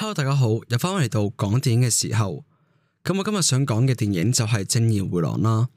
Hello，大家好，又翻返嚟到講電影嘅時候，咁我今日想講嘅電影就係《正義迴廊》啦。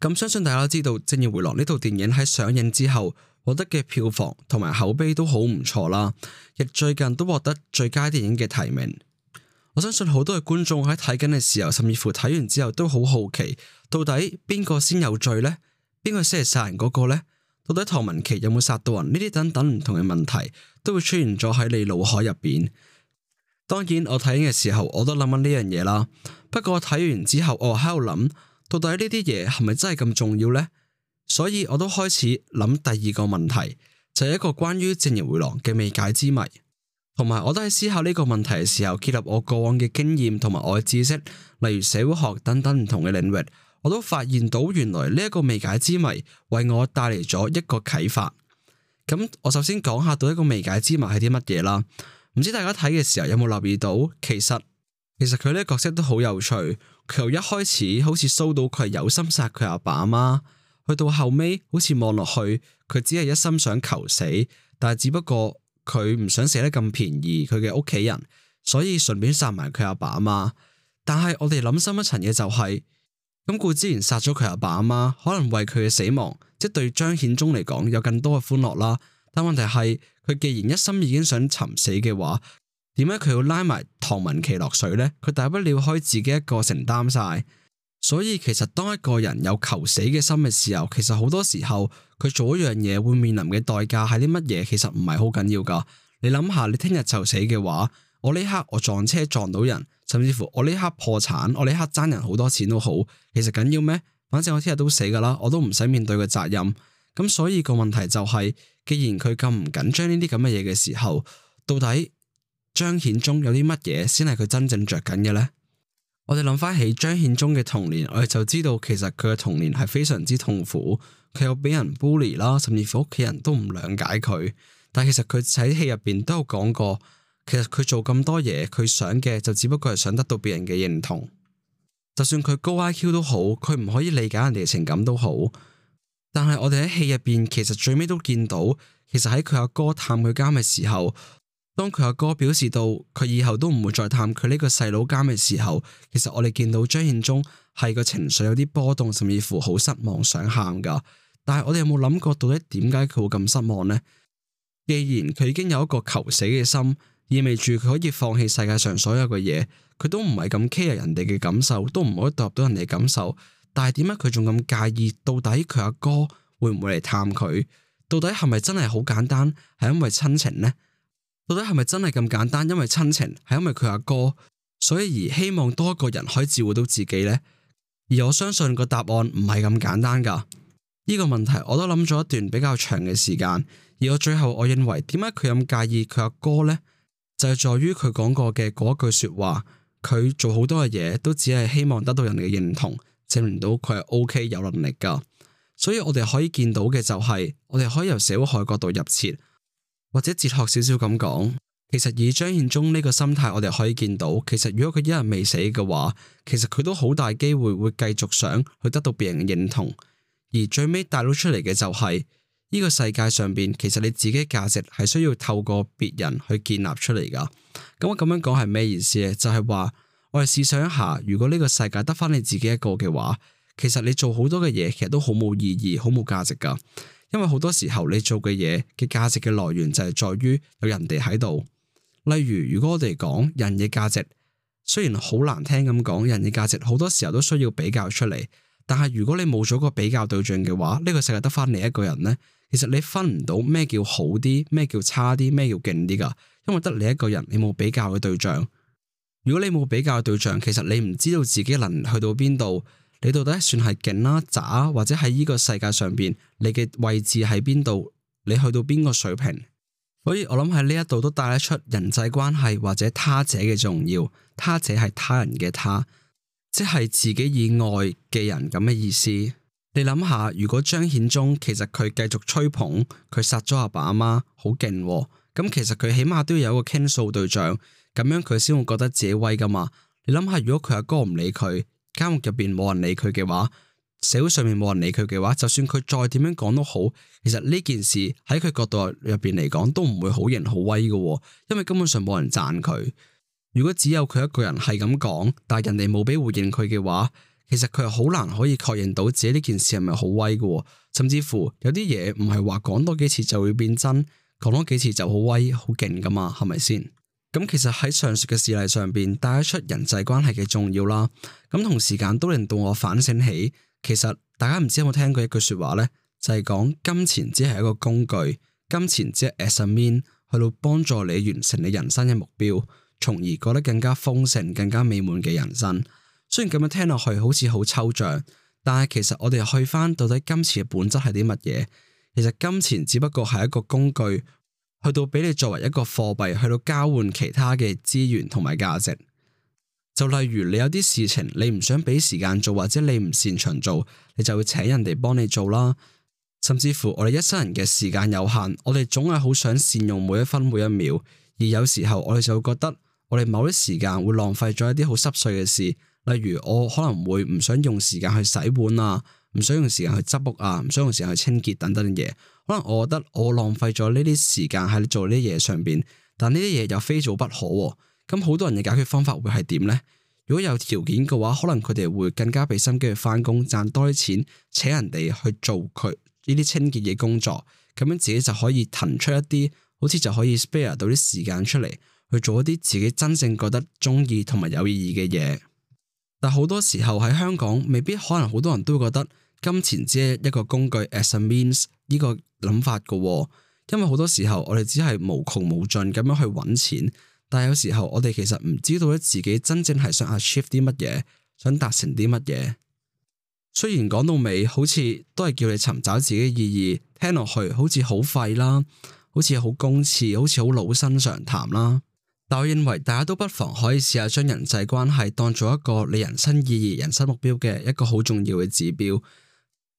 咁相信大家都知道《正義迴廊》呢套電影喺上映之後獲得嘅票房同埋口碑都好唔錯啦，亦最近都獲得最佳電影嘅提名。我相信好多嘅觀眾喺睇緊嘅時候，甚至乎睇完之後都好好奇，到底邊個先有罪呢？邊個先係殺人嗰個呢？到底唐文琪有冇殺到人？呢啲等等唔同嘅問題都會出現咗喺你腦海入邊。當然，我睇嘅時候我都諗緊呢樣嘢啦。不過睇完之後，我喺度諗，到底呢啲嘢係咪真係咁重要呢？所以我都開始諗第二個問題，就係一個關於正義迴廊嘅未解之謎。同埋，我都喺思考呢個問題嘅時候，結合我過往嘅經驗同埋我嘅知識，例如社會學等等唔同嘅領域，我都發現到原來呢一個未解之謎為我帶嚟咗一個啟發。咁，我首先講下到一個未解之謎係啲乜嘢啦。唔知大家睇嘅時候有冇留意到，其實，其實佢呢個角色都好有趣。佢由一開始好似收到佢係有心殺佢阿爸阿媽，去到後尾好似望落去，佢只係一心想求死，但係只不過佢唔想死得咁便宜，佢嘅屋企人，所以順便殺埋佢阿爸阿媽。但係我哋諗深一層嘢就係、是，咁故之然殺咗佢阿爸阿媽，可能為佢嘅死亡，即係對張顯宗嚟講有更多嘅歡樂啦。但問題係。佢既然一心已經想尋死嘅話，點解佢要拉埋唐文琪落水咧？佢大不了可以自己一個承擔晒。所以其實當一個人有求死嘅心嘅時候，其實好多時候佢做一樣嘢會面臨嘅代價係啲乜嘢，其實唔係好緊要噶。你諗下，你聽日就死嘅話，我呢刻我撞車撞到人，甚至乎我呢刻破產，我呢刻爭人好多錢都好，其實緊要咩？反正我聽日都死噶啦，我都唔使面對嘅責任。咁所以個問題就係、是，既然佢咁唔緊張呢啲咁嘅嘢嘅時候，到底張顯宗有啲乜嘢先係佢真正着緊嘅呢？我哋諗翻起張顯宗嘅童年，我哋就知道其實佢嘅童年係非常之痛苦，佢有俾人 bully 啦，甚至乎屋企人都唔諒解佢。但其實佢喺戲入邊都有講過，其實佢做咁多嘢，佢想嘅就只不過係想得到別人嘅認同，就算佢高 IQ 都好，佢唔可以理解人哋嘅情感都好。但係我哋喺戲入邊，其實最尾都見到，其實喺佢阿哥探佢監嘅時候，當佢阿哥表示到佢以後都唔會再探佢呢個細佬監嘅時候，其實我哋見到張顯宗係個情緒有啲波動，甚至乎好失望想喊噶。但係我哋有冇諗過，到底點解佢會咁失望呢？既然佢已經有一個求死嘅心，意味住佢可以放棄世界上所有嘅嘢，佢都唔係咁 care 人哋嘅感受，都唔可以踏入到人哋感受。但係點解佢仲咁介意到哥哥會會？到底佢阿哥會唔會嚟探佢？到底係咪真係好簡單？係因為親情呢？到底係咪真係咁簡單？因為親情係因為佢阿哥，哥，所以而希望多一個人可以照顧到自己呢？而我相信個答案唔係咁簡單噶。呢、這個問題我都諗咗一段比較長嘅時間，而我最後我認為點解佢咁介意佢阿哥呢？就係、是、在於佢講過嘅嗰句說話，佢做好多嘅嘢都只係希望得到人哋嘅認同。證明到佢係 O K 有能力噶，所以我哋可以見到嘅就係，我哋可以由社會學角度入切，或者哲學少少咁講。其實以張獻忠呢個心態，我哋可以見到，其實如果佢一日未死嘅話，其實佢都好大機會會繼續想去得到別人嘅認同。而最尾帶到出嚟嘅就係呢個世界上邊，其實你自己價值係需要透過別人去建立出嚟噶。咁我咁樣講係咩意思咧？就係話。我哋試想一下，如果呢個世界得翻你自己一個嘅話，其實你做好多嘅嘢，其實都好冇意義、好冇價值噶。因為好多時候你做嘅嘢嘅價值嘅來源就係在於有人哋喺度。例如，如果我哋講人嘅價值，雖然好難聽咁講，人嘅價值好多時候都需要比較出嚟。但係如果你冇咗個比較對象嘅話，呢個世界得翻你一個人呢，其實你分唔到咩叫好啲、咩叫差啲、咩叫勁啲噶。因為得你一個人，你冇比較嘅對象。如果你冇比較對象，其實你唔知道自己能去到邊度，你到底算係勁啦、啊、渣、啊，或者喺呢個世界上邊，你嘅位置喺邊度，你去到邊個水平？所以我諗喺呢一度都帶得出人際關係或者他者嘅重要。他者係他人嘅他，即係自己以外嘅人咁嘅意思。你諗下，如果張顯宗其實佢繼續吹捧，佢殺咗阿爸阿媽，好勁、啊，咁其實佢起碼都要有個傾訴對象。咁樣佢先會覺得自己威噶嘛？你諗下，如果佢阿哥唔理佢，監獄入邊冇人理佢嘅話，社會上面冇人理佢嘅話，就算佢再點樣講都好，其實呢件事喺佢角度入邊嚟講都唔會好型好威噶喎。因為根本上冇人讚佢。如果只有佢一個人係咁講，但係人哋冇畀回應佢嘅話，其實佢係好難可以確認到自己呢件事係咪好威噶喎。甚至乎有啲嘢唔係話講多幾次就會變真，講多幾次就好威好勁噶嘛？係咪先？咁其實喺上述嘅事例上邊，帶出人際關係嘅重要啦。咁同時間都令到我反省起，其實大家唔知有冇聽過一句說話咧，就係講金錢只係一個工具，金錢只係 as a mean 去到幫助你完成你人生嘅目標，從而過得更加豐盛、更加美滿嘅人生。雖然咁樣聽落去好似好抽象，但係其實我哋去翻到底金錢嘅本質係啲乜嘢？其實金錢只不過係一個工具。去到俾你作為一個貨幣，去到交換其他嘅資源同埋價值。就例如你有啲事情你唔想俾時間做，或者你唔擅長做，你就會請人哋幫你做啦。甚至乎我哋一生人嘅時間有限，我哋總係好想善用每一分每一秒。而有時候我哋就會覺得我哋某啲時間會浪費咗一啲好濕碎嘅事，例如我可能會唔想用時間去洗碗啊。唔想用時間去執屋啊，唔想用時間去清潔等等嘅嘢，可能我覺得我浪費咗呢啲時間喺做呢啲嘢上邊，但呢啲嘢又非做不可喎。咁好多人嘅解決方法會係點咧？如果有條件嘅話，可能佢哋會更加畀心機去翻工，賺多啲錢，請人哋去做佢呢啲清潔嘅工作，咁樣自己就可以騰出一啲，好似就可以 spare 到啲時間出嚟，去做一啲自己真正覺得中意同埋有意義嘅嘢。但好多時候喺香港，未必可能好多人都會覺得金錢只係一個工具，as a means 呢個諗法嘅喎。因為好多時候我哋只係無窮無盡咁樣去揾錢，但係有時候我哋其實唔知道咧自己真正係想 achieve 啲乜嘢，想達成啲乜嘢。雖然講到尾，好似都係叫你尋找自己嘅意義，聽落去好似好廢啦，好似好公廁，好似好老生常談啦。但我認為大家都不妨可以試下將人際關係當做一個你人生意義、人生目標嘅一個好重要嘅指標。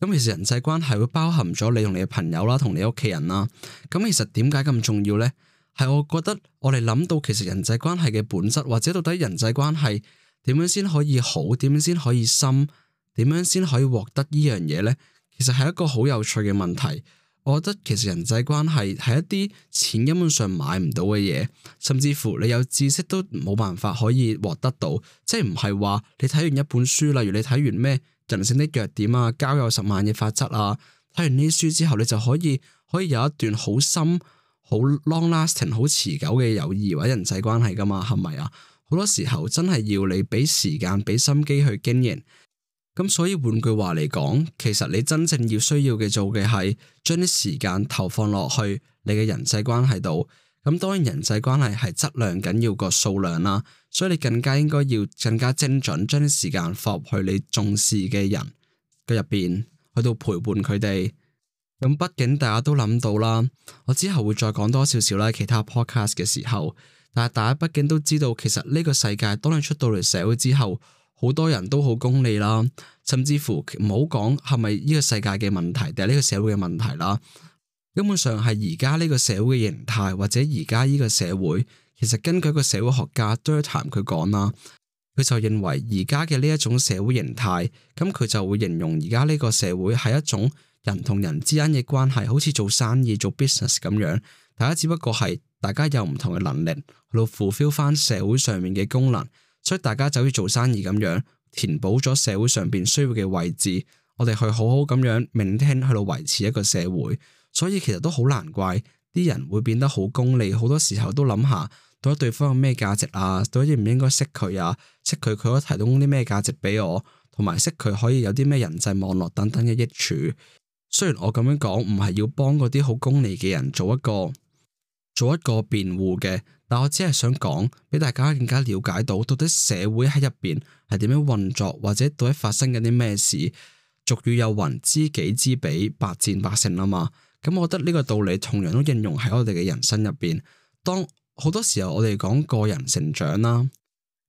咁其實人際關係會包含咗你同你嘅朋友啦，同你屋企人啦。咁其實點解咁重要呢？係我覺得我哋諗到其實人際關係嘅本質，或者到底人際關係點樣先可以好，點樣先可以深，點樣先可以獲得呢樣嘢呢？其實係一個好有趣嘅問題。我覺得其實人際關係係一啲錢根本上買唔到嘅嘢，甚至乎你有知識都冇辦法可以獲得到，即係唔係話你睇完一本書，例如你睇完咩人性的弱點啊、交友十萬嘅法則啊，睇完呢啲書之後，你就可以可以有一段好深、好 long-lasting、好持久嘅友誼或者人際關係㗎嘛，係咪啊？好多時候真係要你俾時間、俾心機去經營。咁所以換句話嚟講，其實你真正要需要嘅做嘅係將啲時間投放落去你嘅人際關係度。咁當然人際關係係質量緊要過數量啦，所以你更加應該要更加精準，將啲時間放入去你重視嘅人嘅入邊，去到陪伴佢哋。咁、嗯、畢竟大家都諗到啦，我之後會再講多少少啦，其他 podcast 嘅時候。但係大家畢竟都知道，其實呢個世界當你出到嚟社會之後。好多人都好功利啦，甚至乎唔好講係咪呢個世界嘅問題，定係呢個社會嘅問題啦。根本上係而家呢個社會嘅形態，或者而家呢個社會，其實根據一個社會學家 Durkheim 佢講啦，佢就認為而家嘅呢一種社會形態，咁佢就會形容而家呢個社會係一種人同人之間嘅關係，好似做生意做 business 咁樣，大家只不過係大家有唔同嘅能力去到 fulfill 翻社會上面嘅功能。所以大家就好似做生意咁樣，填補咗社會上面需要嘅位置，我哋去好好咁樣 maintain，去到維持一個社會。所以其實都好難怪啲人會變得好功利，好多時候都諗下到底對方有咩價值啊，到底應唔應該識佢啊？識佢佢可以提供啲咩價值俾我？同埋識佢可以有啲咩人際網絡等等嘅益處。雖然我咁樣講，唔係要幫嗰啲好功利嘅人做一個。做一個辯護嘅，但我只係想講俾大家更加了解到，到底社會喺入邊係點樣運作，或者到底發生緊啲咩事。俗語有云：知己知彼，百戰百勝吖嘛。咁我覺得呢個道理同樣都應用喺我哋嘅人生入邊。當好多時候我哋講個人成長啦，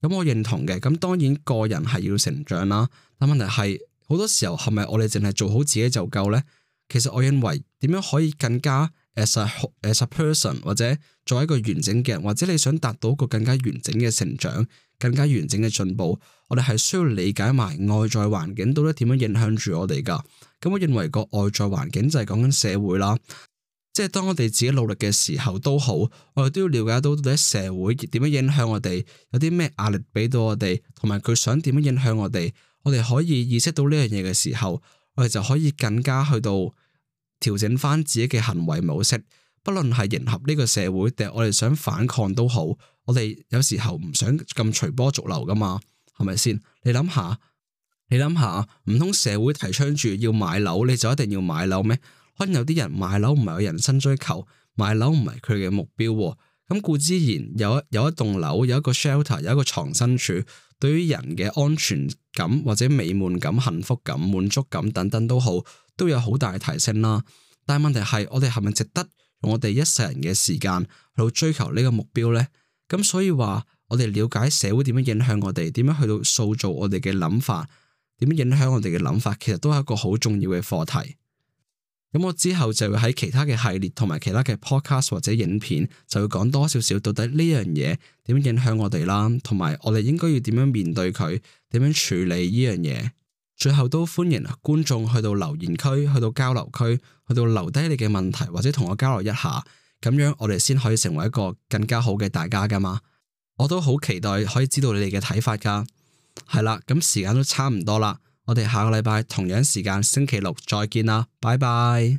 咁我認同嘅。咁當然個人係要成長啦，但問題係好多時候係咪我哋淨係做好自己就夠呢？其實我認為點樣可以更加？As a person, 或者作為一個完整嘅人或者你想達到一個更加完整嘅成長更加完整嘅進步我哋係需要理解埋外在環境到底點樣影響住我哋噶咁我認為個外在環境就係講緊社會啦即係當我哋自己努力嘅時候都好我哋都要了解到到底社會點樣影響我哋有啲咩壓力俾到我哋同埋佢想點樣影響我哋我哋可以意識到呢樣嘢嘅時候我哋就可以更加去到。調整翻自己嘅行為模式，不論係迎合呢個社會，定係我哋想反抗都好，我哋有時候唔想咁隨波逐流噶嘛，係咪先？你諗下，你諗下，唔通社會提倡住要買樓，你就一定要買樓咩？可能有啲人買樓唔係有人生追求，買樓唔係佢嘅目標。咁故之然，有有一棟樓，有一個 shelter，有一個藏身處，對於人嘅安全感或者美滿感、幸福感、滿足感等等都好，都有好大嘅提升啦，但係問題係我哋係咪值得用我哋一世人嘅時間去到追求呢個目標咧？咁所以話我哋了解社會點樣影響我哋，點樣去到塑造我哋嘅諗法，點樣影響我哋嘅諗法，其實都係一個好重要嘅課題。咁我之後就會喺其他嘅系列同埋其他嘅 podcast 或者影片，就會講多少少到底呢樣嘢點樣影響我哋啦，同埋我哋應該要點樣面對佢，點樣處理呢樣嘢。最後都歡迎觀眾去到留言區、去到交流區、去到留低你嘅問題或者同我交流一下，咁樣我哋先可以成為一個更加好嘅大家㗎嘛。我都好期待可以知道你哋嘅睇法㗎。係啦，咁時間都差唔多啦，我哋下個禮拜同樣時間星期六再見啦，拜拜。